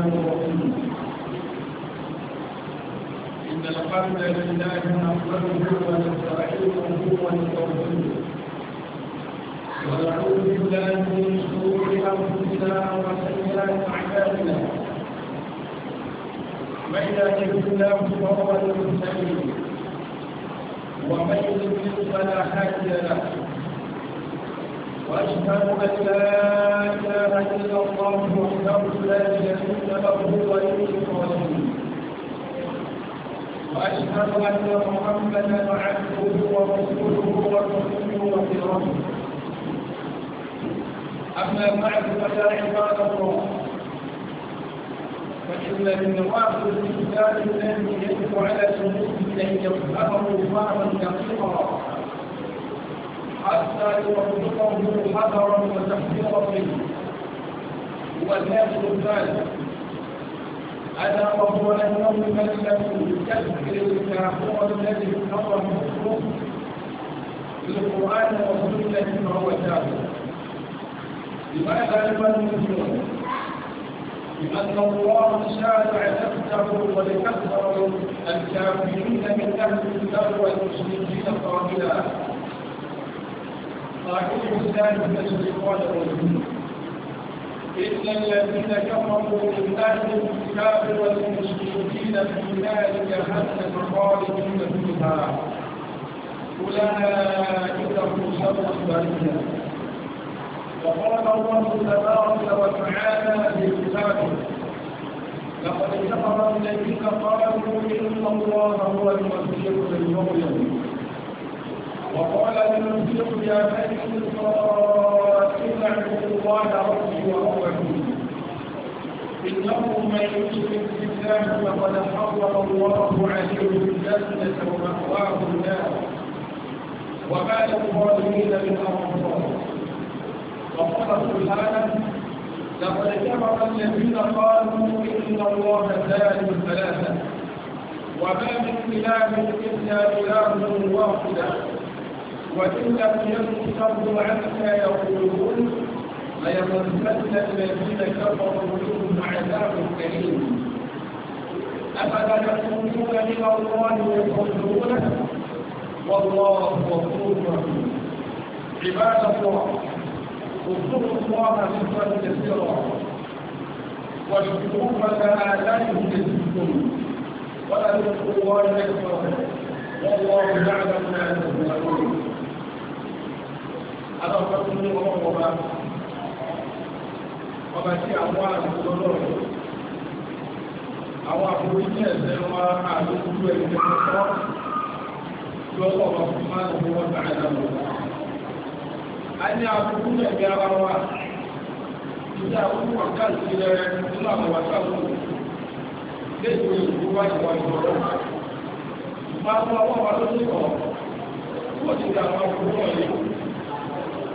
الرحمن الرحيم إن الحمد لله نحمده ونستعينه ونستغفره ونعوذ بالله من شرور أنفسنا وسيئات أعمالنا من يهده الله فهو المهتدي ومن يضلل فلا هادي له وأشهد أن لا إله إلا الله وحده لا شريك له ولي الصالحين وأشهد أن محمدا عبده ورسوله وصفيه وخيرته أما بعد فيا عباد الله فإن من واقع الذي يجب على شروطه أن يفهمه فهما دقيقا حتى يوفقه حذرا وتحذيرا منه هو الهاجر الثالث ألا وهو أنه من لم يستذكر الكافر الذي حرم الكفر بالقرآن والسنة فهو كافر لماذا لم المسلمون؟ لأن الله شارع نفسه ولكثر الكافرين من أهل الكتاب والمشركين قابلا أعوذ بالله من الشيطان الرجيم إن الذين كفروا من أهل الكتاب والمشركين في نار جهنم خالدين فيها أولئك هم شر البرية وقال الله تبارك وتعالى في كتابه لقد كفر الذين قالوا إن الله هو المسيح ابن وقال المنزل يا بني إسرائيل اعبدوا الله ربي وربكم إنه من يشرك بالله فقد حرم الله عليه الجنة ومأواه النار وما للظالمين من أنصار وقال سبحانه لقد كفر الذين قالوا إن الله ثالث ثلاثة وما من إله إلا إله واحدة وإن لم يكن فضل عنك يقولون ليمسن الذين كفروا منهم عذاب كريم أفلا يخرجون إلى الله ويقتلونه والله غفور رحيم عباد الله اذكروا الله ذكرا كثيرا واشكروا على آلائه ولا تذكروا الله أكبر والله يعلم ما تفعلون aláwọ̀ tó ní ọmọ ọba ọba tí àwọn àdúgbò lọ́rọ̀ àwọn àbúrò ní ẹ̀sẹ̀ wa àdúgbò ẹ̀ ní ọ̀pọ̀ tí ọkọ̀ ọba fún máa ń wọ́n tààrà lọ. a ní àbúrò ní ẹ̀gbẹ́ ara wa ìdí àbúrò wà káàkiri rẹ̀ nínú àwọn wàtàkùn lẹ́yìn ìlú wáyé wáyé ọ̀rọ̀ máa ń wọ́n wá lọ́sọ̀rọ̀ wọ́n ti dà àwọn àbúrò yìí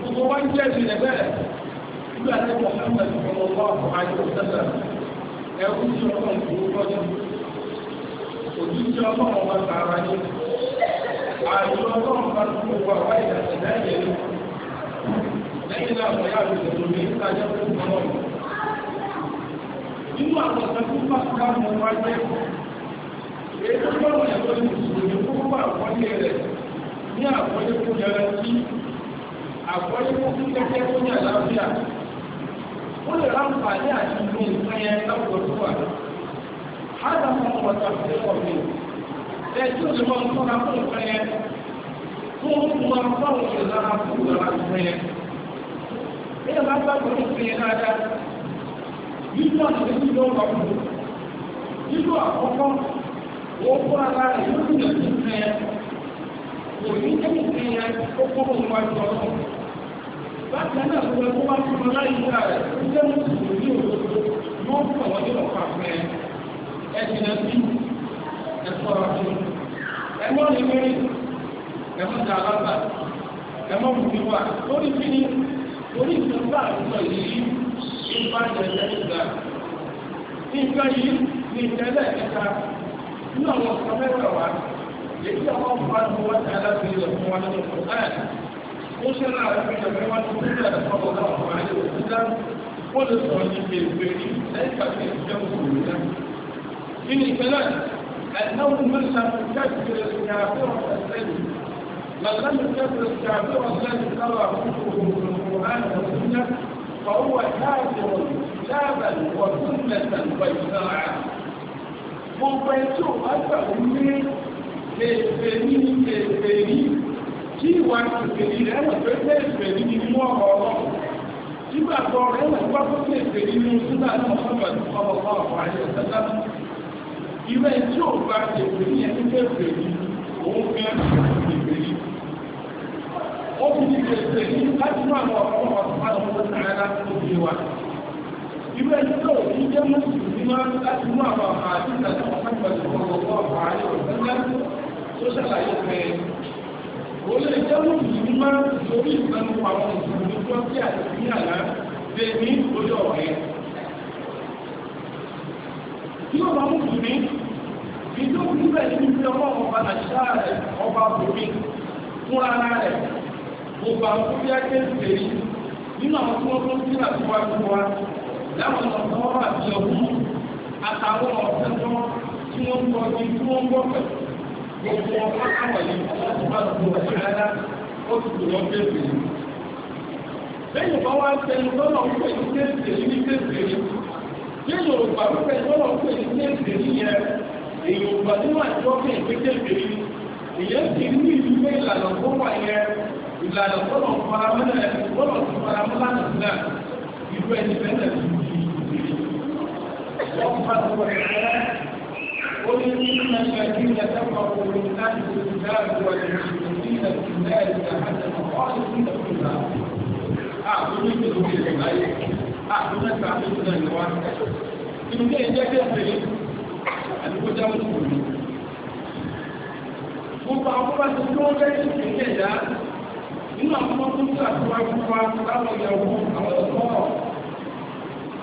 gbogbo wọn jẹ́ ìrìnlẹ̀ bẹ́ẹ̀ nígbà tí Muhammad ọmọ ọmọ àjọ sẹ́sẹ̀ ẹ̀kú tí ọmọ ìgbòho lọ́dún òjú tí ọmọ ọmọ tààrà ní àjọ ọmọ ọmọ tó wà wáyé àti lẹ́yìn lẹ́yìn náà wọ́n yà lóṣù tó ní ìtajà tó ń bọ̀ nínú àwọn ọ̀sẹ̀kú pàṣípà mọ̀ wá jẹ́ èyí tó gbọ́dọ̀ ẹ̀kọ́ ìṣòro ní kókó àkọ́lé rẹ̀ ní àkọ́lé tó yẹra sí àgbọ́yé fún kíkẹ́kẹ́ tó ní àlàáfíà ó lè ráǹfààní àti ìlú nǹkan yẹn láwùjọ tó wà hádà fún ọmọ tàbí ọ̀gbìn ẹ tí ó lè mọ nǹkan fún nǹkan yẹn fún ọmọ fáwọn èèyàn lára fún ìlànà nǹkan yẹn ẹ yẹ máa gbàgbọ́ nǹkan yẹn dáadáa àti nínú ọgbà fún nínú àkọ́kọ́ wọ́n fún ara rẹ̀ lórí ìlànà nǹkan kò ní kẹ́kẹ́ yẹn ó kọ́ láti ẹ̀nà ìgbẹ́ tó bá fún ọlá ìgbà rẹ̀ tó jẹ́ mùsùlùmí ní òdodo yóò fún àwọn nínú pàpẹ́ ẹ̀jìnà sí ẹ̀sọ́ ọ̀tún ẹ̀mọ́ ní mẹ́rin ẹ̀mọ́ ní alábà ẹ̀mọ́ mùsùlùmí wà lórí kí ni orí ìṣẹ̀lá àtúntò yìí ń bá jẹ̀jẹ̀ ìgbà nǹkan yìí ní ìtẹ́lẹ̀ ẹ̀ka nínú àwọn ọ̀sán mẹ́wàá èyí àwọn ọmọ wa ti wọ́n ti alábìrì ọ̀fun wa nínú ọ̀sán ó ṣẹlẹ̀ àwọn ìjọba wa ti bílẹ̀ ọ̀pọ̀ àwọn àyè òṣìṣẹ́ ó lè sọ ní pèpè ní ẹ̀ka tí ó jẹ́ òkúrò náà. kí ni ìpínlẹ̀ أنه من لم يكفر الكافر الذي من لم يكفر الكافر الذي ترى كتبه في القرآن والسنة فهو كافر كتابا وسنة وإجماعا gbogbo ẹjọ́ wá gbà wípé lè fèrí lè fèrí tí ìwà ìpèsèlì rẹ̀ wọ̀ pé pé ìpèsèlì ni mú ọ̀rọ̀ ọlọ́run nígbàgbọ́ rẹ̀ wọ̀ pé pé ìpèsèlì ni nígbà tí wọ́n fẹ́ ọmọ ọmọ àyè sẹ́lá ìwé tí ò bá ìpèsèlì yẹn ní pèsèlì òun fi ní pèsèlì láti mú fi ní jẹ́ mùsùlùmí láti mú àwọn àti ìtàkùn ọmọ ọmọ ọmọ àyè ó lè jẹ́ mùsùlùmí máa ń torí ìgbàlù àwọn mùsùlùmí tó ń tí àtìní àlá lè ní lórí ọ̀rọ̀ yẹn. Tí ó máa mùsùlùmí, ìjọ òkúta ìlú ti ọmọ ọba àṣà rẹ̀ ọba òbí fún ara rẹ̀ gbogbo àwọn tó yá kéèké yìí nínú àwọn tí wọ́n tó ń tí àtúwájú wa láwọn ọ̀sán ọ̀rọ̀ àti ọ̀hún àtàwọn ọ̀sán tí wọ́n ń kọ́ gbogbo akọ̀wé ìgbàlódé ọ̀ṣẹ́lá ó ti dùn lọ́ọ́ bèbè. lẹ́yìn bá wá tẹnu lọ́nà ń pè ní tẹ̀sẹ̀ ní tẹ̀sẹ̀ lẹ́yìn òrùba pípẹ́ lọ́nà ń pè ní tẹ̀sẹ̀ yẹn èyí òrùba nínú àjọ fún ìpín tẹ̀sẹ̀ yìí ìyẹn ti ní ìlú pé ìlànà tó wà yẹn ìlànà tọ́nà faramẹ́lẹ̀ tọ́nà ti faramẹ́lẹ̀ náà ìlú ẹni bẹ́ẹ̀ náà ti di ìlú الذين كفروا من أهل الكتاب والمشركين في النار جهنم خالدين فيها أعطوني بذوق الجمال أعطونا تعطينا النواه إن كان جاك يحمل àdúgbò jáwé tó wù mí. Gbogbo àwọn bá ti tó lẹ́yìn ìpínlẹ̀ ẹ̀dá nínú àwọn ọmọ tó ń ṣàtúwá fún wa láwọn ìyàwó àwọn ọ̀pọ̀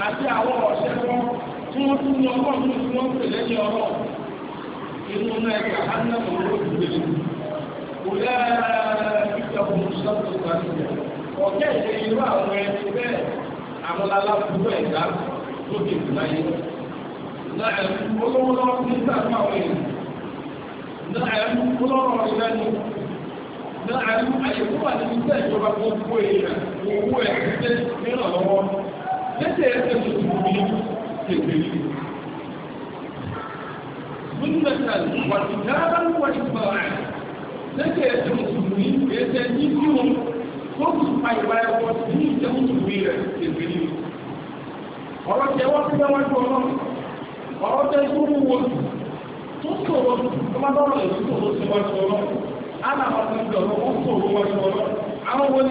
àti àwọn ọ̀ṣẹ́ wọn tí wọ́n tún ní ọgbọ́n tó ń fi wọ́n pè lẹ́yìn ọ̀rọ̀ inú náà ẹ̀ka hánà mọ̀ ló ti gbé kò lára kíkà fún sọ́tò pàṣẹ ọ̀kẹ́ ìṣe irú àwọn ẹni bẹ́ẹ̀ àwọn aláburú ẹ̀dá lókè tó láyé náà ẹ̀kú olówó lọ́wọ́ ní sáà máa wẹ̀ náà ẹ̀kú olówó ọ̀rọ̀ lẹ́nu náà ẹ̀kú àyẹ̀kú wà ní ilé ìjọba gbogbo èèyàn owó ẹ̀ títí nírànlọ́wọ́ títí ẹ̀ tẹ̀sán tó kù ní tètè yìí wàtúndàbà wàtúndà lẹ́kẹ̀ ẹ̀sẹ̀ mùsùlùmí ẹ̀sẹ̀ yíyí wọn tó kù pa ìwà ẹ̀wọ̀ ní ìjẹ́ mùsùlùmí rẹ̀ tẹ̀lé ní. ọ̀rọ̀ tẹ wọ́n fi wọ́n tó lọ ọ̀rọ̀ tẹ tó wù wọ́n tó sọ̀rọ̀ ọmọdọ́rọ̀ lè tó tó wọ́n tó lọ aláwọ̀ tó ń dọ̀rọ̀ wọ́n sọ̀rọ̀ wọ́n tó lọ àwọn wọn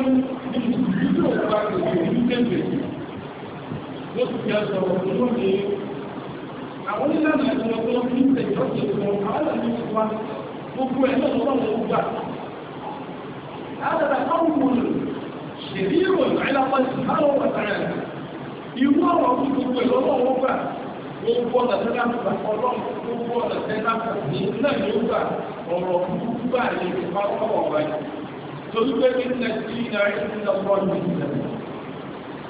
ni mùsùlùmí tó wà lórí tẹ̀lé àwọn onílànà ìjọba tó ń fi ń tẹ̀jọ́ sí ìwọ̀n àwọn àmì ìwà gbogbo ẹ̀ náà lọ́wọ́ wọn gbà. Àdàdà káwọn mọ̀lù ṣèlú ìròyìn àìlápá sí àwọn ọ̀tàrà ìwú ọ̀rọ̀ fún gbogbo ẹ̀ lọ́wọ́ wọn gbà. Gbogbo ọ̀nà tẹ́lá gbà ọlọ́run gbogbo ọ̀nà tẹ́lá gbà ní náà ni ó gbà ọ̀rọ̀ kúkú gbà ní ìfipá ọ̀wọ̀ wáyé. Torí pé kí ní Nàìjíríà rí ní ọgbọ́n ní ìlẹ̀.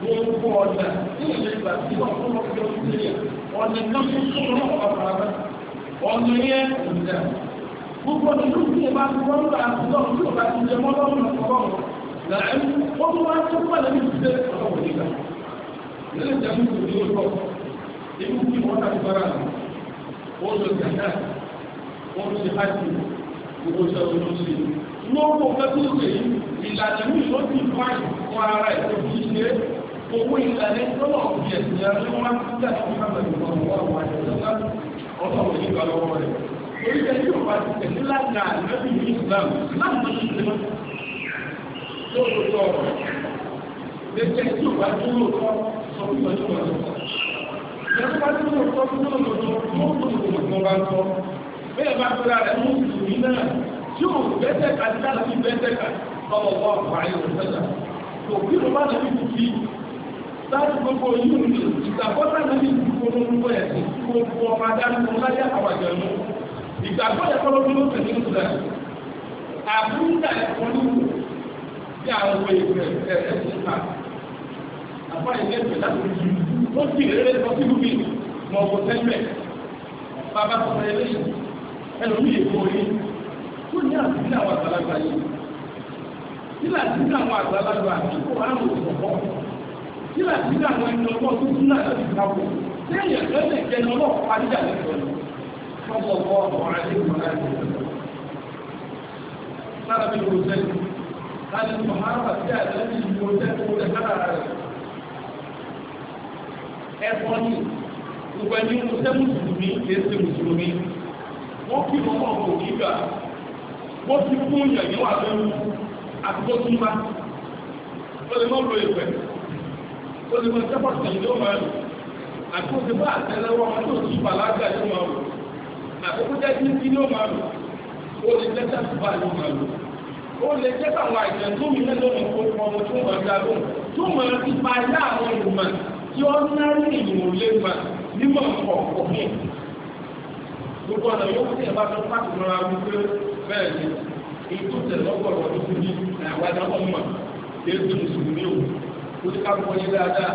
Gbogbo ọ̀nà tí ìlẹ̀ gbà sí ọ̀pọ̀lọpọ̀ ìlẹ̀ ọ̀nà kan tó sọ̀rọ̀ náà ọ̀pọ̀ àbá ọ̀nà yẹn kò dà gbogbo ìlú tí ẹ bá ti wọ́n lọ àtúntò tí ò bá ti jẹ mọ́ lọ́rùn ọ̀pọ̀lọ́rùn làáyé ó tún wá tó wà lórí ìdílé ọ̀pọ̀ nígbà ilé ìjàmù kò ní ó lọ inú kí wọ́n náà fara ó lọ gàdá ó lọ sí hàjì gbogbo ìṣẹ́ olóṣèlú ní ó kọ́ fẹ́ tó ṣe ìlànà mi ló ti fáìn fún ara ẹ̀ tó fi ṣe é owó ilẹ̀ ní tọ́lọ̀ òbí ẹ̀sìn ya ní wọ́n ti tẹ̀ fún mẹ́fẹ̀ẹ́ ìgbọ̀n wọ́n wà ní ìjọba ọ̀tọ̀ òbí ìgbà lọ́wọ́ rẹ̀ oríṣẹ́ tí ó bá ti tẹ̀lé lága lẹ́bí ní Islam láti mọ́ sí ìlú tó tó tọ̀ ọ̀rọ̀ lẹ́sẹ̀ tí ó bá tó lóòótọ́ sọ fún ìgbà tó wà lọ́wọ́ ìjọba bá tó lóòótọ́ tó lóòótọ́ tó tó lóòótọ́ bá tọ́ bẹ́ẹ̀ bá gbéra rẹ̀ mú ìlú náà tí ó bẹ́tẹ̀ kàdí láti bẹ́tẹ̀ kàdí ọmọ ọgbà àyè òṣèlú kò kí ló bá lè fi láti gbogbo yìí ní ìgbàgbọ́ tàbí ìgbòho gbogbo ẹ̀sìn gbogbo ọmọ adánimọ̀ láyé àwàjọ mú ìgbàgbọ́ ẹ̀kọ́ ló dúró pẹ̀lú ìgbà àbúrúdà ẹ̀kọ́ ló wù sí àwọn ìgbà ẹ̀sìn ìgbà àbá ìgbà ẹ̀sìn láti yìí ó sì rere lọ sí lùmí mọ̀ ọ̀pọ̀ tẹ́lẹ̀ bàbá sọ̀rọ̀ ẹlẹ́yìn ẹlòmí èkó yìí tó ní àbúrúdà àwọn àgbàlagbà yìí nígbà tí àwọn àgbàlagbà àti nígbà tí àwọn ẹni ọgbọ́n tó tún náà láti kápò lẹ́yìn ẹ̀rọ ẹ̀jẹ̀ kẹni ọlọ́pàá adíjà lẹ́kọ̀ọ́ ni ọgbọ̀ ọgbọ̀ ọ̀rọ̀ ajé ìmọ̀ láti lára bí mo jẹ́ láti mọ̀ hárà sí àtẹ́lẹ́bí mo jẹ́ tó lẹ́ kára rẹ̀ ẹ̀fọ́ ni gbogbo ẹni mo jẹ́ mùsùlùmí kìí ṣe mùsùlùmí wọ́n kí wọn mọ̀ kò ní gbà wọ́n ti fún yẹ̀yẹ́ wà lóyún àti tó tún bá ó lè mọ̀ lóye pẹ̀lú ó lè mọ sẹ́pọ̀tì yìí ló máa lò àkókò bá àtẹlẹwọ́ ọmọ tó ti bàlágà ló máa lò àkókò jẹ́jú kí ló máa lò ó lè jẹ́ sàtúbà ló máa lò ó lè jẹ́ àwọn àìsàn tó mi lẹ́nu ọmọ tó mọ ọmọ tó mọ ọjà lóhùn tó mọ ti pa ilé àwọn ìmọ̀ tí ó ń ná ní ìmọ̀ lé mà nímọ̀ ọ̀kọ̀ọ̀kọ̀ gbogbo ọ̀nà yóò fún ìyàbá tó pàtó mọ́ra wípé bẹ́ẹ̀ ni ètò tẹ̀lọ́gbọ̀rọ̀ ọdún tó ní àwọn àdáwọ̀ mọ̀ ètò ìṣòro ní òun oníkàkọ́ ní dáadáa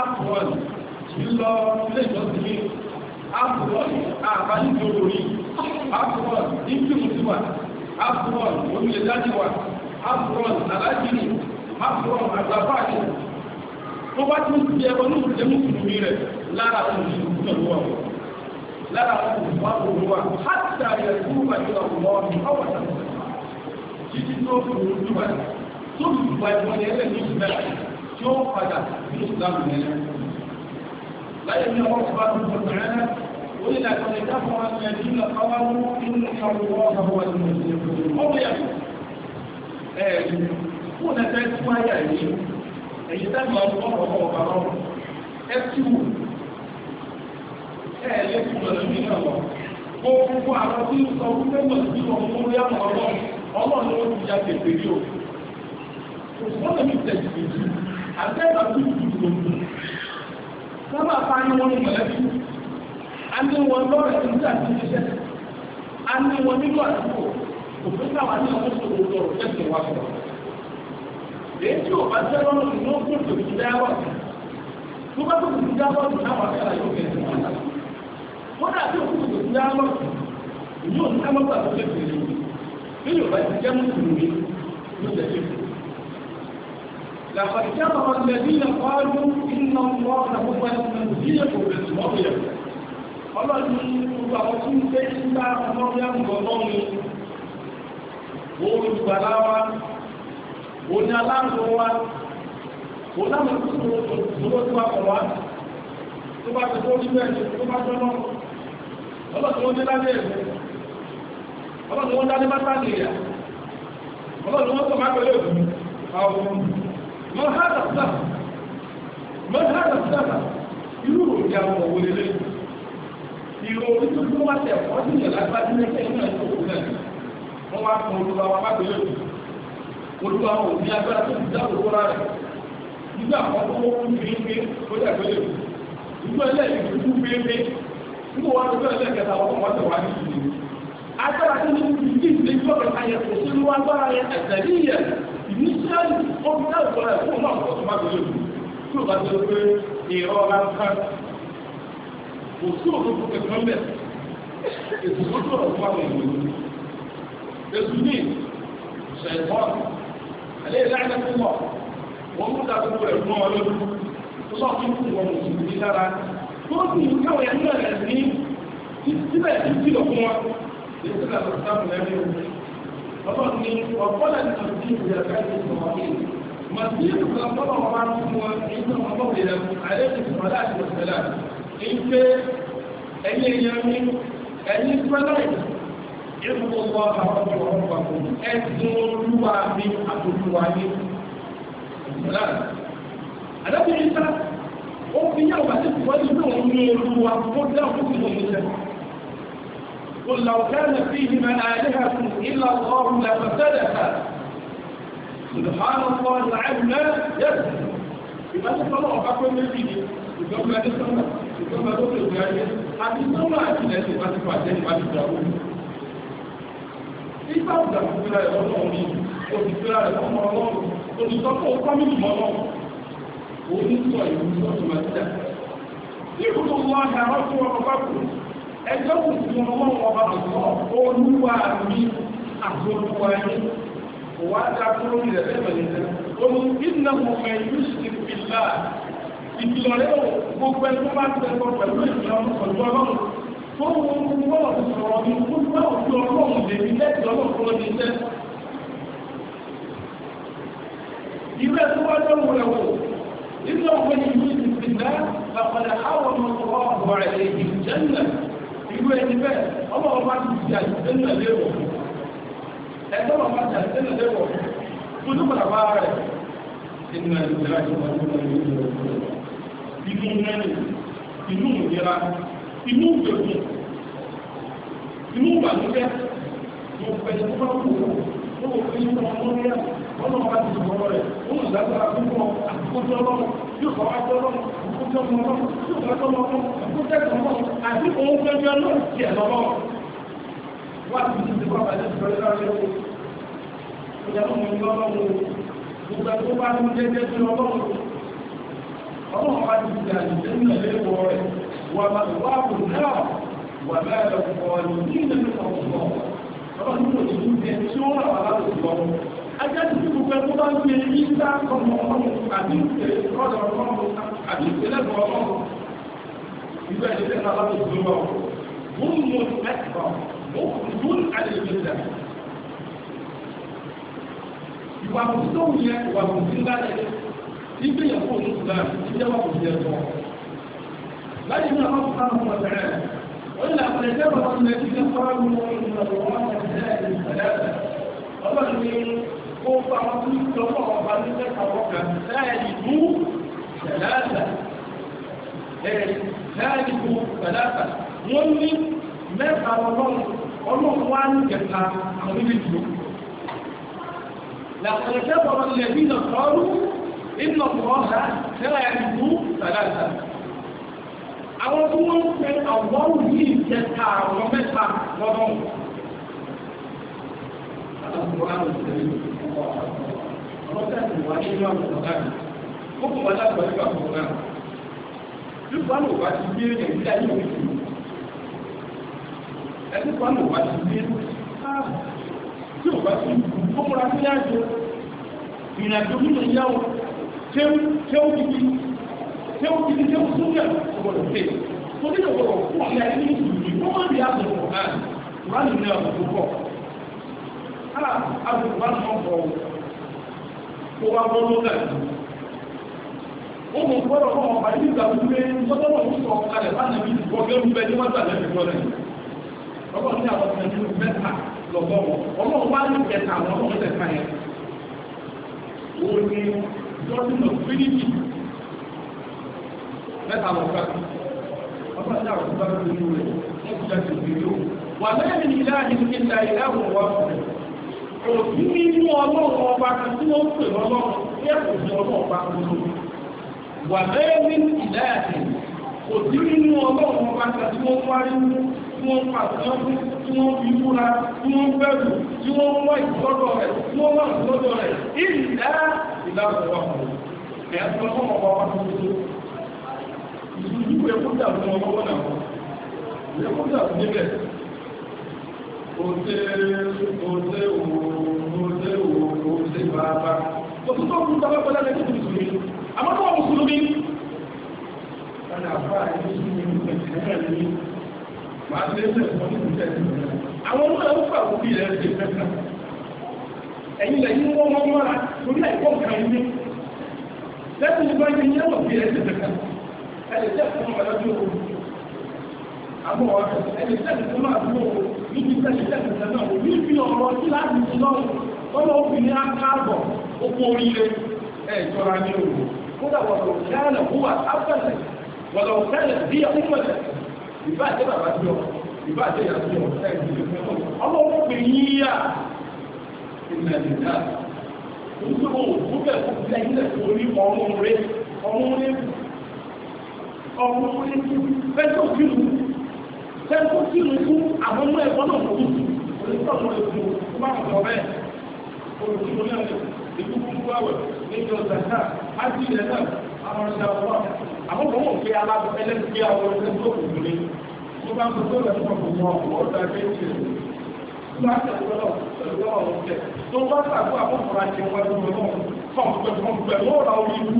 àpọ̀lù ìlọ ilé ìjọsìn ní àpọ̀lù àbájú tó lórí àpọ̀lù ìfìmùsíwà àpọ̀lù omílẹ̀dájíwà àpọ̀lù alájìrì àpọ̀lù àgbàfáàjì tó bá tún ti ẹwọ ní ìjẹmú ìlú rẹ̀ lára àwọn òṣèlú tó fi ìwà ìwọ̀n ní ẹgbẹ́ ní ìṣúná tí ó padà ní ìsìlámù ní ẹgbẹ́. láyé ní ọwọ́ ọba tó tó tẹ̀rẹ́ náà ó ní láti ọ̀dẹ̀ dáfọ́ wọn ní ẹbí ní ọba mú inú ìṣàwọ̀ ọ̀hún wọn ní ìṣẹ̀lẹ̀ ọmọ yàtọ̀ ẹ̀ẹ́dì fún ẹgbẹ́ tí wọ́n yà yìí èyí tẹ́lẹ̀ ọ̀pọ̀ ọ̀pọ̀ ọ̀pọ̀ ọ̀pọ̀ ẹ̀ẹ́dì ẹ̀ẹ́dì gbogbo àwọn tí ń sọ wípé mọ̀ sí ọmọ orí àwọn ọlọ́run ọlọ́run ló ti ya pèpè yìí o sọ́nà mi tẹ̀ sí èyí àtẹ́gbà tó ti dùn lóko sábà fáyé wọn mọ̀lẹ́bí a ní wọn lọ́rẹ̀ tó ń tà sí iṣẹ́ a ní wọn nílò àdúgbò òfin táwa ní ọdún tó ń lọ tẹ̀sí wa sọ èyí tí ò bá jẹ́ lọ́nà tó ń kó tó ti dáwọ́ tó bá tó ti dáwọ́ tó náà wà kára yóò kẹ́sì wọn náà wọ́n dà tó kó tó ti dáwọ́ yóò ní kámọ́tà tó tẹ̀sí èyí bí yóò bá ti jẹ́ mùsùlùmí yóò tẹ̀sí لقد كفر الذين قالوا إن الله هو المنزل بن مريم ọlọ́run gbogbo àwọn tí ń gbé nígbà ọlọ́run gbọ́dọ̀ ni olùgbàlà wa òní aláàbò wa òláwọn tó ń lò tó wà pọ̀ wá tó bá ti bóyí bẹ́ẹ̀ tó bá jọ lọ ọlọ́run wọn dé lábẹ́ ẹ̀ ọlọ́run wọn dá ní bá sáà nìyà ọlọ́run wọn sọ máa pẹ̀lú òkú àwọn ọmọ mọ hádà sábà mọ hádà sábà irú òjì àwọn òwò lélẹ ìrò orí tó tó wá tẹ ọ sí ìyàlá bá dé lẹsẹ iná ìlú òkú náà wọn wá fún olúwa wọn bá gbélé òkú olúwa wọn ò ní agbára tó ti dá òkú rárá nígbà àwọn tó wọ́n fún mi pé ó dà gbélé òkú ìgbà ẹlẹ́yìn tó fún mi pé nígbà officially official sọ̀rọ̀ ẹ̀kọ́ náà kò tó má tó lè mú tí o bá ti lọ pé ìrọ̀ ọ̀la ń kán kò sí òkú tó kẹ̀kẹ́ ń bẹ̀ ètò tó tó ọ̀rọ̀ fún àwọn ènìyàn ètò ní ṣẹ̀gbọ́n àlẹ́ ìlànà fún wọn wọn mú dàgbò rẹ̀ fún ọ lọ́dún tó sọ fún fún wọn mùsùlùmí lára tó sì ń káwọn ẹ̀ ń bẹ̀rẹ̀ sí síbẹ̀ sí sílọ̀ fún wọn ètò ìlànà fún ọlọ́run ní ọ̀pọ̀lọ̀ ní ọdún ìgbìyà káàkiri ìgbìmọ̀ yìí màtíyìí kan tọ́lọ̀ ọba ń fún wọn èyí tó wọn bọ̀ wẹ̀rẹ̀ àlejò ìfọ̀lá àti ìfọ̀lá èyí pé ẹ̀yìn èèyàn ní ẹ̀yìn pẹ́lá ìfọ̀lọ́ ọba àwọn ọmọ ọmọ ẹ̀sìn olúwa mi àtòlúwa ní ìfọ̀lá àdábìyí قل لو كان فيهما آلهة إلا الله لفسدها سبحان الله العلم يسر لماذا ترى حقا من الفيديو يقوم لا تسمع يقوم لا تسمع حتى يسمع الناس ما تسمع الثاني ما تسمعون في بعض الأمور يقولون وفي كلا يقولون الله ونصفه قمت مرام ونصفه يقولون ما تسمع يقول الله رسول ربكم ẹjọ́ kò sí ọlọ́run ọba àgbọ̀ olúwa ní ẹ̀rẹ́ ní gbogbo ọ̀rọ̀ ní lẹ́tọ̀ọ́ lọ́kọ́ ní ilé tó wá lọ́wọ́ rẹ̀ wò nínú ọ̀pọ̀ ìlú ìsìnkú náà àpàdé àwọn ẹni bẹ́ẹ̀ ọmọ ọba ti di àjẹsẹ́nà léwọ̀ ẹgbẹ́ ọba ti àjẹsẹ́nà léwọ̀ fún tó padà bá rẹ̀ nínú ẹgbẹ́ láti wọ́n tó lọ nínú ẹgbẹ́ inú mẹ́rin inú ìlera inú tó bá wù wọ́n mọ́ níyà ti sọ̀rọ̀ rẹ̀ ó ń púpọ̀ àkókò tó lọ́wọ́ yóò kọ́ Gbogbo ẹgbẹ́ bá jẹ́ àjíjẹ́ ní ẹ̀lẹ́wọ̀ rẹ̀ wà máa wà kò náà wà ti ń jẹ tí ó rà wà láti lọ. Ajá ti fi gbogbo ẹgbẹ́ bá ń jẹ ní ìta ọmọ ọlọ́run àbí ìtẹ̀lẹ́ ọ̀dọ̀ àbí ìpínlẹ̀ ọ̀rọ̀ ìgbà ìṣẹ̀lẹ̀ náà láti ìgbìmọ̀ wọ́n mú ẹ̀kọ́ wọ́n àlejò ìwà òtítọ́ òun yẹ ìwà òtítọ́ ńlá rẹ̀ ibi ìyàwó òun ti dáa ìdí ẹwà kò tiẹ̀ tọ́ láti ní àwọn ọ̀sán ọmọ ọ̀sẹ̀rẹ̀ ó fa ọdún ìjọba ọba ní tẹ́ta ọkà láì ثلاثة ذلك ثلاثة wọ́n ní mẹ́ta ọlọ́run ọlọ́run wá ní kẹta àwọn níbi jù làkọ̀lẹ̀kẹ́ bọ̀rọ̀ lẹ́bí nà sọ́ọ́rù ìnà ọ̀rọ̀ tẹ́lá ìlú sàdáta àwọn tó wọ́n fẹ́ ọ̀wọ́rù ní ìjẹta àwọn mẹ́ta lọ́dọ̀ọ̀rùn Ọlọ́pẹ́ ìwà nínú àwọn ọ̀gá mi ó kò wá láti wájú àpò náà bí kwano wá ti gbé èèyàn ní ayé òun jù ẹni kwano wá ti gbé ah, tí ò bá ti kó múra sí láàjò ìrìnàjò nínú ìyáwó tẹ́wọ́ gidi tẹ́wọ́ gidi tẹ́wọ́ sókè ọ̀gbọ̀dọ̀ pé tó ní ọ̀gbọ̀dọ̀ fún ọ̀lẹ́ ayé ní ìlú wọ́n máa ń rí àbẹ̀wò ah, ah, náà wọ́n á lè ní ọ̀gbọ̀dọ̀ púpọ̀ á àbẹ̀wò bá ń mọ̀ bọ̀ wá bọ́ lókè ó mú gbọ́dọ̀ fún ọmọ àti ìgbà wípé tọ́tọ́rọ̀ ń sọ kalẹ̀ bá nàbí ìgbọ́gẹ́ ń bẹ ní wọ́n tàbí ẹ̀fẹ́ lọ́rẹ̀ ọgbọ́n ní àwọn ọmọ ìlú mẹ́ta lọ́gbọ́wọ́ ọlọ́run wá ní kẹta àwọn ọmọ mẹ́ta yẹn ó ní jọ́sìn of trinity mẹ́ta lọ́gbà ọgbọ́n ní àwọn ọmọ ìlú rẹ̀ wọ́n ti jáde ìgbìyànjú wà lẹ́yìn ilé àdìsí ìlà ìlà àwọn wà fún òbí nínú ọlọ́run ọba tí wọ́n pè lọ́lọ́run yẹ́pù ní ọlọ́run ọba tó lórí wà bẹ́ẹ̀ ní ìdáyàtì kò sí nínú ọlọ́run ọba kan tí wọ́n wárí mú tí wọ́n pa àtúnṣe tí wọ́n fi múra tí wọ́n bẹ̀rù tí wọ́n wá ìtọ́jọ́ rẹ̀ tí wọ́n wá ìtọ́jọ́ rẹ̀ ìdá ìlànà wà fún un ẹ̀ ẹ́ fún ọmọ ọba wa tó tó ìdúdú ẹ̀kúta fún ọmọ ọba náà ẹ̀kúta fún níbẹ̀ òṣè òṣè òṣè òṣè bàbá òṣùpọ̀ òṣùpọ̀ pẹ̀lú ẹ̀kúta fún ìṣòro àmọ́ tó wà mùsùlùmí. àwọn ọmọ náà ń fà wọ́n bí ilẹ̀ ṣe fẹ́ ẹ̀yìn lẹ́yìn wọ́n wọ́n mọ́ra torí àìkọ́ kan ilé lẹ́yìn ìgbà yìí yẹ́wò bí ilẹ̀ ṣe fẹ́ ẹ̀lẹ́ tẹ́ fún ọmọ lọ́jọ́ òru àmọ́ ẹ̀lẹ́ tẹ́ fún ọmọ àdúgbò níbi tẹ́lẹ̀ tẹ́lẹ̀ tẹ́lẹ̀ náà níbi ọ̀rọ̀ tí láti ṣe lọ́wọ́ ọmọ obìnrin á káàbọ̀ ó kó oríire ẹ̀ ìjọra ní òru kódà wọ́n lọ kánà húwà áfẹ́sẹ̀ wọ́n lọ kánà bí ọmọdé ìbá àti bàbá tí ọ ìbá àti ìyá tí ọ ọmọ wọn pè yíyá ìgbà ìgbà nígbà wọn ò bẹ̀ fún lẹ́yìn lẹ́sẹ̀ orí ọrùn rẹ ọrùn rẹ ọrùn rẹ fẹ́tọ̀ kìlú fẹ́tọ̀ kìlú fún àwọn ọmọ ẹ̀kọ́ náà kò tù orí sọ̀rọ̀ ẹ̀kọ́ máa ń sọ bẹ́ẹ̀ olùkíló náà ìdúkúrú àwẹ̀ níjọ zaka ájú ilẹ̀ náà àwọn ọ̀ṣẹ́ ọ̀pọ̀ àwọn kan wọ́n fi alábọ̀ ẹlẹ́gbẹ́ àwọn ọ̀ṣẹ́ tó kù ní tó bá ń bọ̀ tó lọ́wọ́ fún wọn ọ̀dà ẹgbẹ́ tó bá sàgbó àkókòrò àti ẹwà tó lọ kọ̀m̀pẹ̀kọ̀m̀pẹ̀ wọ́n ra orí mú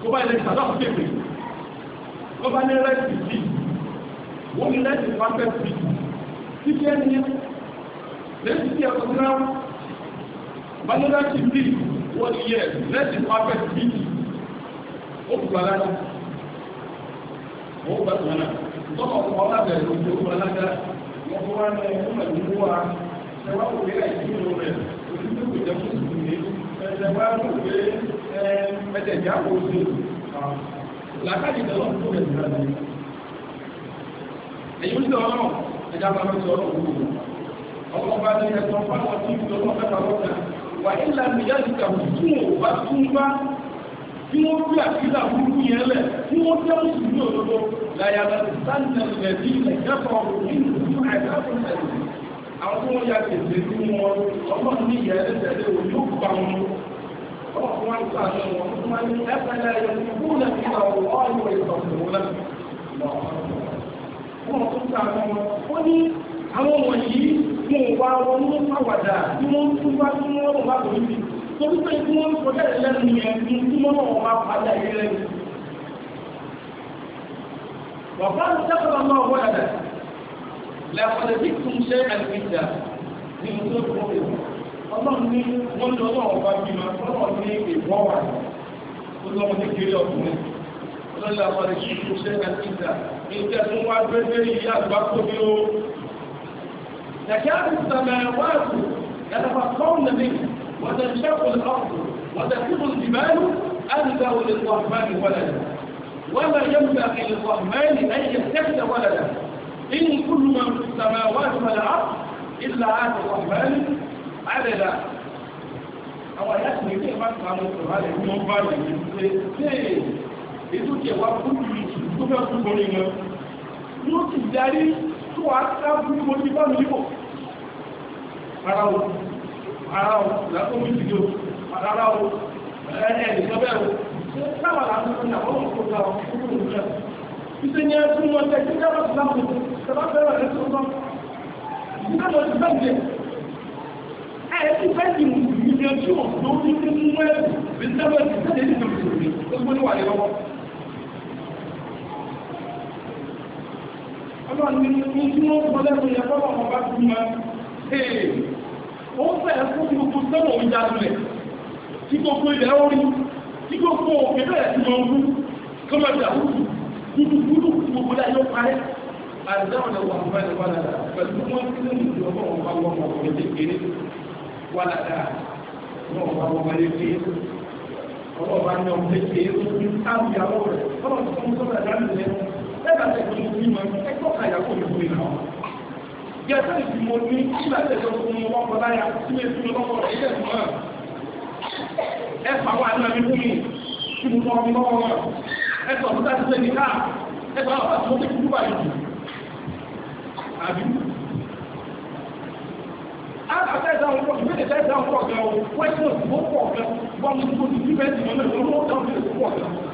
tó bá ilẹ̀ sàdá pèpè tó bá ní rẹ́sì sí wọ́n ní rẹ́sì pàpẹ́ sí sí kí ẹni yẹn lẹ́sì sí ẹ̀kọ́ náà Another thing is one year, let the prophet speak. Ó kù alága. Wọ́n gbà tó náà. Tọ́kọ̀ fún ọlá bẹ̀rẹ̀ ló ti ó alága. Wọ́n fún wa ní ọmọ ìlú wa. Ṣé wá kò gbé àìsí ìlú rẹ̀? Òṣù tó kò jẹ́ fún ìlú mi. Ẹ̀sẹ̀ wá kò gbé ẹ̀ẹ́dẹ̀ ìyá kò ṣe. Làkàdì ìdọ̀lọ́ tó rẹ̀ jù lọ. Ẹ̀yin ń sọ ọlọ́run, ẹja máa ọlọ́run gbogbo. Ọlọ́run bá ní ẹ̀sọ́ fáwọn tí ìjọba mẹ́ta lọ́kàn wà nílẹ̀ ìyá ìjà òkú òbá tún bá tí wọ́n fi àkílà burúkú yẹn lẹ̀ tí wọ́n jẹ́ mùsùlùmí òdodo láyà láti sáńdà ilẹ̀ bí ilẹ̀ jẹ́kọ̀ọ́ nínú ìlú àìsàn àwọn tó wọ́n ya tètè sí wọn ọlọ́run ní ìyá ẹlẹ́tẹ̀lẹ́ òun yóò pa wọn ọkùnrin wọn sọ àná wọn tó máa ní ẹgbẹ̀lẹ́ ẹ̀yẹ fún ìgbà ọ̀rọ̀ ọ̀rọ̀ ìtọ̀sùn wọn lẹ́nu. wọ́n tún àwọn wọ̀nyí mo wá wọn mú àwàdà tí wọ́n tún bá tún wọ́n wọ́n bá lórí mi tó wípé tí wọ́n kọjá ìlẹ́nu yẹn tún tí wọ́n wọ́n bá padà ìlẹ́nu. wàbá ń sẹ́kọ̀ọ́ náà wọ́n yàtọ̀ lẹ́kọ̀ọ́ bí tún ṣe àgbèjà ní ojú ìfowópamọ́ ọlọ́run ní wọ́n lọ lọ́wọ́ bá bí ma ọlọ́run ní ìwọ́ wà ọlọ́run ní kiri ọkùnrin ọlọ́run làwọn ẹ̀ṣin tún ṣe àgbèjà ní ìjẹ́ tún wá gbẹ́gbẹ́ ìyá àgbà tóbi ó تكاد السماوات يتفطرن منه وتنشق الأرض وتسير الجبال أن له للرحمن ولدا وما ينبغي للرحمن أن يتخذ ولدا إن كل من في السماوات والأرض إلا عاد الرحمن عددا àwọn ẹ̀yà tí ní bá ta lọ sọ̀rọ̀ alẹ́ ní wọ́n bá lè ní ṣe ṣe ètò ìjẹ̀wà fún ìlú tó fẹ́ fún orin wọn. wọ́n ti ni ba ta kò á sáàbù ní mo ti bá mi níbò ara o ara o látọ́ mi ti jò ara o ẹ̀ẹ́ ìjọba ẹ̀rọ sábà láti fún ìyàwó ọ̀pọ̀ ta ọ̀pọ̀ òṣìṣẹ́ ìṣẹ́ ni ẹkún wọn tẹ́ kí sábà tó láti sábà fẹ́rẹ̀ rẹ̀ tó tọ́ ìṣẹ́ lọ sí bẹ́ẹ̀ ẹ̀ẹ́dì bẹ́ẹ̀ ni ìgbìyànjú ọ̀dọ́ ní mú ẹ̀rù bí sábà ti sẹ́yìn ìjọba ìṣòro ọlọ́run ní tí wọ́n sọ lẹ́nu yẹn fọ́lọ́ wọn bá ti máa ee ó fẹ́ fún gbogbo sọ́wọ́ ń jalulẹ̀ tí gbogbo ilẹ̀ orí tí gbogbo òkè bẹ́ẹ̀ ti máa ń wú kọ́mọ ìdàrúkú dúdú dúdú gbogbo láì yóò parẹ́ àdáwọn ẹ̀wọ̀n àwọn ẹ̀wọ̀n wọn lára pẹ̀lú wọn tí wọ́n ti ọmọ wọn bá wọn wọn wọn lè kéré wọn lára wọn wọn wọn lè kéré ọlọ́ọ̀bá ní ọmọ lè kéré ó ti ń tábìlì àwọn bàtà ìgbòho mi mọ̀ ẹgbọ́ kan ìyàwó mi fún mi náà. Yàtà ìdí mo ní ìgbà tẹ̀sán fún mi wọ́pọ̀ láyà tí mi fún mi lọ́wọ́ rẹ̀ ilé ẹ̀sùn náà. Ẹ fà wá ní àmì fún mi tí mo fọ́ mi lọ́wọ́ rẹ̀. Ẹ sọ fún láti sẹ́ni ká ẹ sọ àwọn àti mo ti kú báyìí. Àbí àtẹ̀sán pọ̀ ìbéèrè tẹ̀sán pọ̀ gan-an wẹ́sìn òsì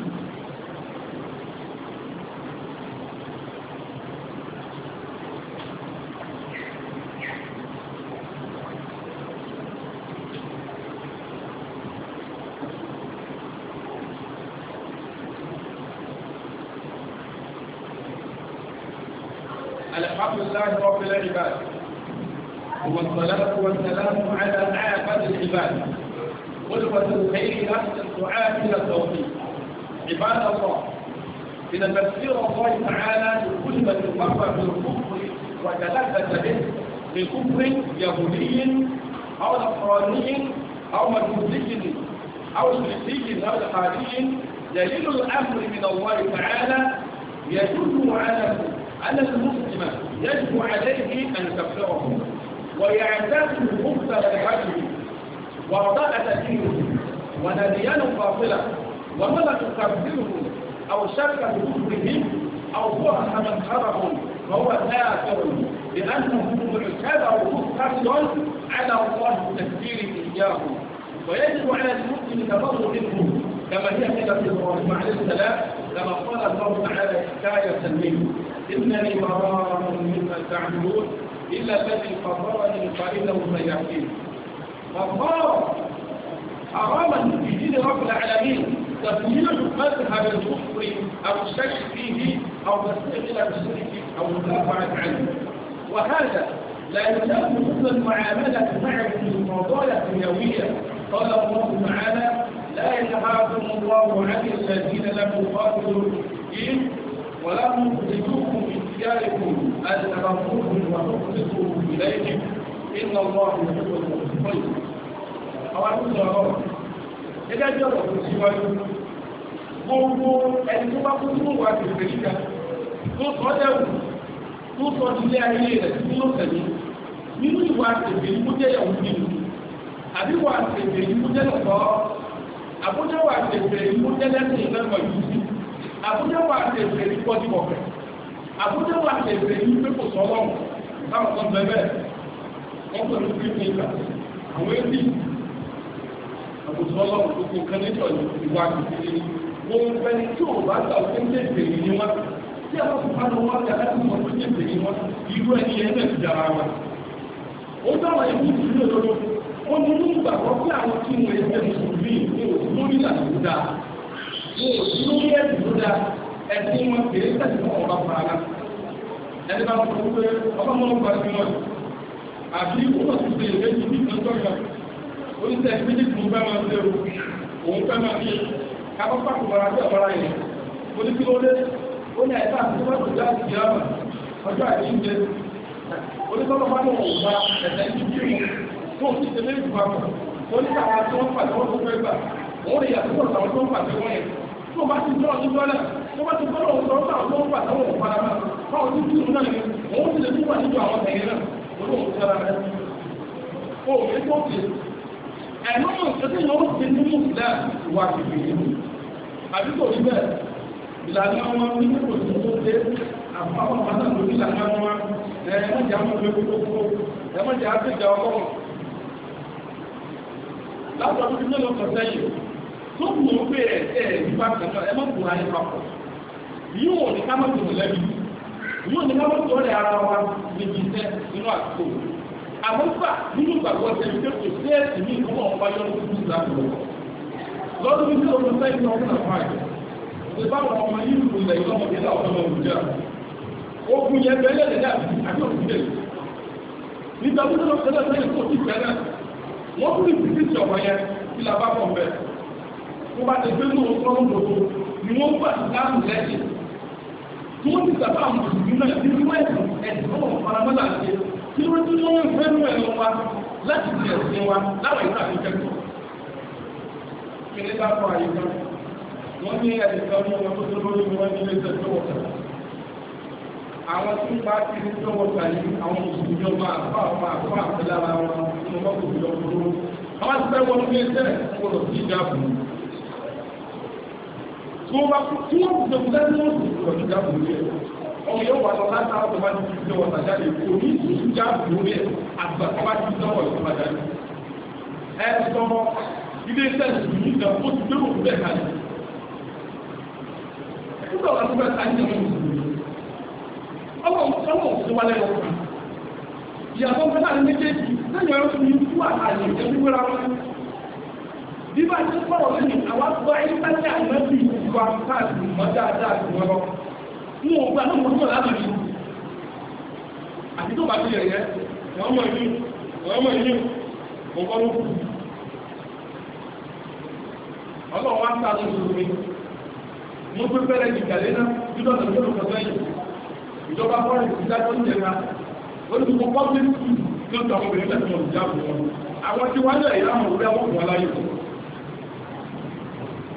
والصلاه والسلام على عافة العباد قدوه الخير نفس الدعاء إلى التوفيق عباد الله إن تفسير الله تعالى لكلمة المرأة بالكفر وتلبس به بكفر يهودي أو نصراني أو مجوسي أو مسيحي أو حالي دليل الأمر من الله تعالى يدل على أن المسلم يجب عليه أن يكفره ويعتزم خبز لحجه ووضع تدينه ونديان فاصلة وملك كبيره أو شرك كفرهم أو فرح من خرهم فهو كافر لأنه معتبر مستقل على الله تكفير إياهم ويجب على المسلم تبرر منه كما هي في نبي ابراهيم عليه السلام كما قال الله تعالى حكاية منه إنني براء مما تعملون إلا الذي قررني فإنه سيحكيه قرر حراما في دين رب العالمين تسمية مذهب الكفر أو الشك فيه أو تسمية الشرك أو مدافعة عنه وهذا لا يزال مثل المعاملة معه في قضايا الدنيوية قال الله تعالى لا ينهاكم الله عن الذين لم يقاتلوا ولا ولم يخرجوكم رجالكم أن تغفوهم وتخلصوا إليهم إن الله يحب المتقين àwọn àtúntò ọ̀rọ̀ gẹ́gẹ́ bí ọ̀rọ̀ tó síwájú gbogbo ẹni tó bá kún fún wa kèfè níta tó sọ dẹ̀wù tó sọ ilé ayé rẹ̀ tí ó tẹ̀lé nínú ìwà kèfè ní kó jẹ́ ìyàwó nínú àbí wà kèfè ní kó jẹ́ lọ́kọ́ àbújá wà kèfè ní kó jẹ́ lẹ́sìn ìlẹ́kọ̀ọ́ yìí sí àbújá wà kèfè ní kó jẹ́ ọ̀fẹ́ àbújá wà ní ẹ̀fẹ̀ yìí pé kò sọ lọ́wọ́ táwọn kan bẹ̀rẹ̀ wọ́n pẹ̀lú pípé ìgbà àwọn ẹbí àbújá lọ́wọ́ gbogbo kan níjọ ìwà àgbègbè ohun ẹni tí ò bá gbà pé ń tẹ̀sẹ̀ yìí ni wọ́n tí a bá fi bá lọ́wọ́ àti aláìmọ̀ tó tẹ̀sẹ̀ yìí wọ́n irú ẹni ẹ̀ bẹ̀ dára wọn. ó dáwọn ẹbí ìdílé lọ́dọ̀ ó ní ní ìgbàgbọ́ pé àwọn tí wọ́n ẹgbẹ́ mùsùlùmí ní òsì lórí ìlànà tó dáa ní òsì lórí ẹ̀sìn ẹ̀sìn wọn kìí tẹ̀sí fún ọba fara ẹni bá sọ pé ọba mọ́ ọba sí wọn àbí wọ́n ti ṣe ìrètí bí ìtọ́jọ́ yọ ó ń tẹ̀ sí ìdìbò fẹ́ máa ṣe o òun fẹ́ máa ṣe kápá pàtó wọn àti ọ̀bọ̀ra yẹn mo ní kí ló dé ó ní àìsàn àti tó bá tó dá sí ọmọ ọjọ́ àìsíǹde onítọ́lọ́ bá lọ́wọ́ ògbà ẹ̀sẹ̀ ìdíjì mọ̀ tó ń ṣe lé ìgbà mọ̀ oníkàwọn tí wọ́n pàtó wọn tó fẹ́ gbà wọ́n lè yàtọ̀ sọ̀tọ̀ àwọn tó ń pàtó wọn yẹn tó bá ti dúró ọdún tó bá ti gbọ́dọ̀ sọ ọ́ sáà lọ́wọ́ àtàwọn òpara náà báwo ní kí òun náà ni ti lè tún wà níjọ àwọn ẹ̀yẹ náà lọ́wọ́ òṣèlú rẹ̀. o ò ní kó fi ẹ̀nú ìṣẹ́jú yóò fi ní mùsùlẹ̀ wà kìkì nínú àdúgbò níbẹ̀ ìlànà wọn ní kò sí tó dé àpapọ̀ látọ̀ tó ti mélòó sẹ́yìn tó mú un pé ẹ̀ ẹ̀ ìbá kan náà ẹ papọ̀ yóò ní ká mọ́tò lẹ́bi yóò ní ká mọ́tò rẹ̀ ara wa níbi iṣẹ́ nínú àtúntò àmọ́ gbà nínú ìgbàgbọ́ tẹ̀lé pé kò sí ẹ̀sìn ní ìkọ́mọ̀ ọ̀pá yọ̀ọ́ fún ìlànà lọ́dún ní sọ̀rọ̀ ní sẹ́yìn náà wọ́n fà yìí ṣe báwọn ọmọ yìí lù lẹ̀ ìlọ́mọdé náà ọ̀dọ́ ọmọ òjá ogun yẹn bẹ́lẹ̀ lẹ̀ náà àti òkúté nígbà tó lọ sẹ́lẹ̀ sẹ́yìn tó ti fẹ́ náà wọ́n tún lè fi sí ọ̀pọ̀ yẹn kí la bá pọ̀ bẹ́ẹ̀ wọ́n bá ti gbé mọ́ ọ̀pọ̀ lọ́dọ̀ ni wọ́n gbà láàmù lẹ́yìn tí wọ́n ti sàbá àwọn òṣèlú náà tí wọ́n ẹ̀sùn ẹ̀sùn tó wọ́n faramọ́lá ṣe tí wọ́n ti wọ́n fẹ́ mú ẹ̀rọ wa láti ṣe ẹ̀sìn wa láwọn ìlú àti ìjẹ́kọ̀ọ́. kìnìkà kọ àyè kan wọ́n ní ẹ̀sìnká mú wọn tó tó lórí wọn ní ilé ìjọ wọ̀tà. àwọn tí wọ́n bá ti ní ìjọ wọ̀tà yìí àwọn òṣèlú jọ máa fà máa fà àtẹ́lára wọn tí wọ́n bá tí wọ́n bá tí wọ́n ti dẹ̀kú lẹ́nu wọn sì lọ sí jáàbù lórí ẹ̀ ọmọ yóò wà lọ láti àwọn ọba ti fi wọn sàjáde kò ní ìtúsí jáàbù lórí ẹ̀ àgbà ọba ti fi wọn sọmọ jáde ẹ sọmọ ilé iṣẹ́ ìsìn yìí náà ó ti gbérò bẹ́ẹ̀ kalẹ̀ nígbà wà ló bẹ́ẹ̀ sáyé ní ọmọ ọmọ òṣèlú wa lẹ́nu ìyàtọ̀ fún láti méjèèjì lẹ́yìn ọ̀rọ̀ fún yìí fún bíbá tí ó pọ̀rọ̀ lónìí àwọn àgbà ìpàdé àgbẹ̀bí ìwà káàkiri mọ́ dáadáa jù wọ́n lọ. Mú o gbà lóko tó lánàá yìí. Àti tó bá ti yẹ̀yẹ́, wọ́n mọ̀ yín, wọ́n mọ̀ yín, mo kọ́ ló kù. Ọlọ́run wá ń ta ló dùn mí. Mo gbé pẹ́rẹ́ ìgbàlẹ́ náà, dídọ́ tẹ̀lé tó lọ́kọ̀ sẹ́yìn. Ìjọba fọ́ọ̀rọ̀ ìdájọ́ ń jẹ̀ka. Olùkọ́ pọ́blíkì ló ń ta ọmọbìnrin tẹ̀sán ìjáàbù wọn. Àwọn tí wọ́n lẹ̀ yá àwọn òwúrẹ́ wọn kò wá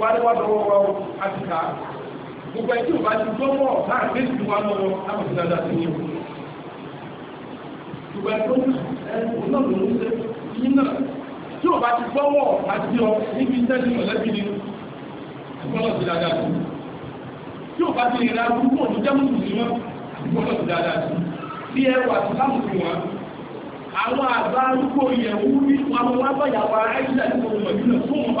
wá níwájú ọwọ́ wa ó àti ká gbogbo ẹni tí ò bá ti gbọ́ mọ̀ náà lè ti wá lọ́wọ́ láwọn ti dáadáa sí yìí ṣùgbọ́n ẹni tó ń ẹni òun náà lòún ṣe yín náà tí ò bá ti gbọ́ mọ̀ àti ọ níbi iṣẹ́ ní mọ̀lẹ́bí ni ṣùgbọ́n lọ́ọ̀ ti dáadáa sí tí ò bá ti rìn àrùn púpọ̀ ní jẹ́mùsù sí wọn ṣùgbọ́n lọ́ọ̀ ti dáadáa sí bí ẹ wà sí láwùjọ wọn àwọn àgbà arúgbó ìyẹ̀wù ní àwọn wábàyàwó àìsàn ìfowópamọ́ ìlú náà fún ọmọ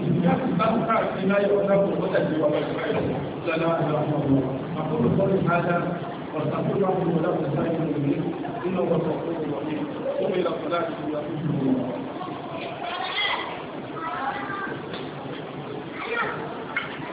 فيما يعلم الهدى والخير لا اله الا الله اقول قولي هذا واستغفر الله ولكم سائر المؤمنين انه هو الغفور الرحيم قم الى صلاتكم يا الله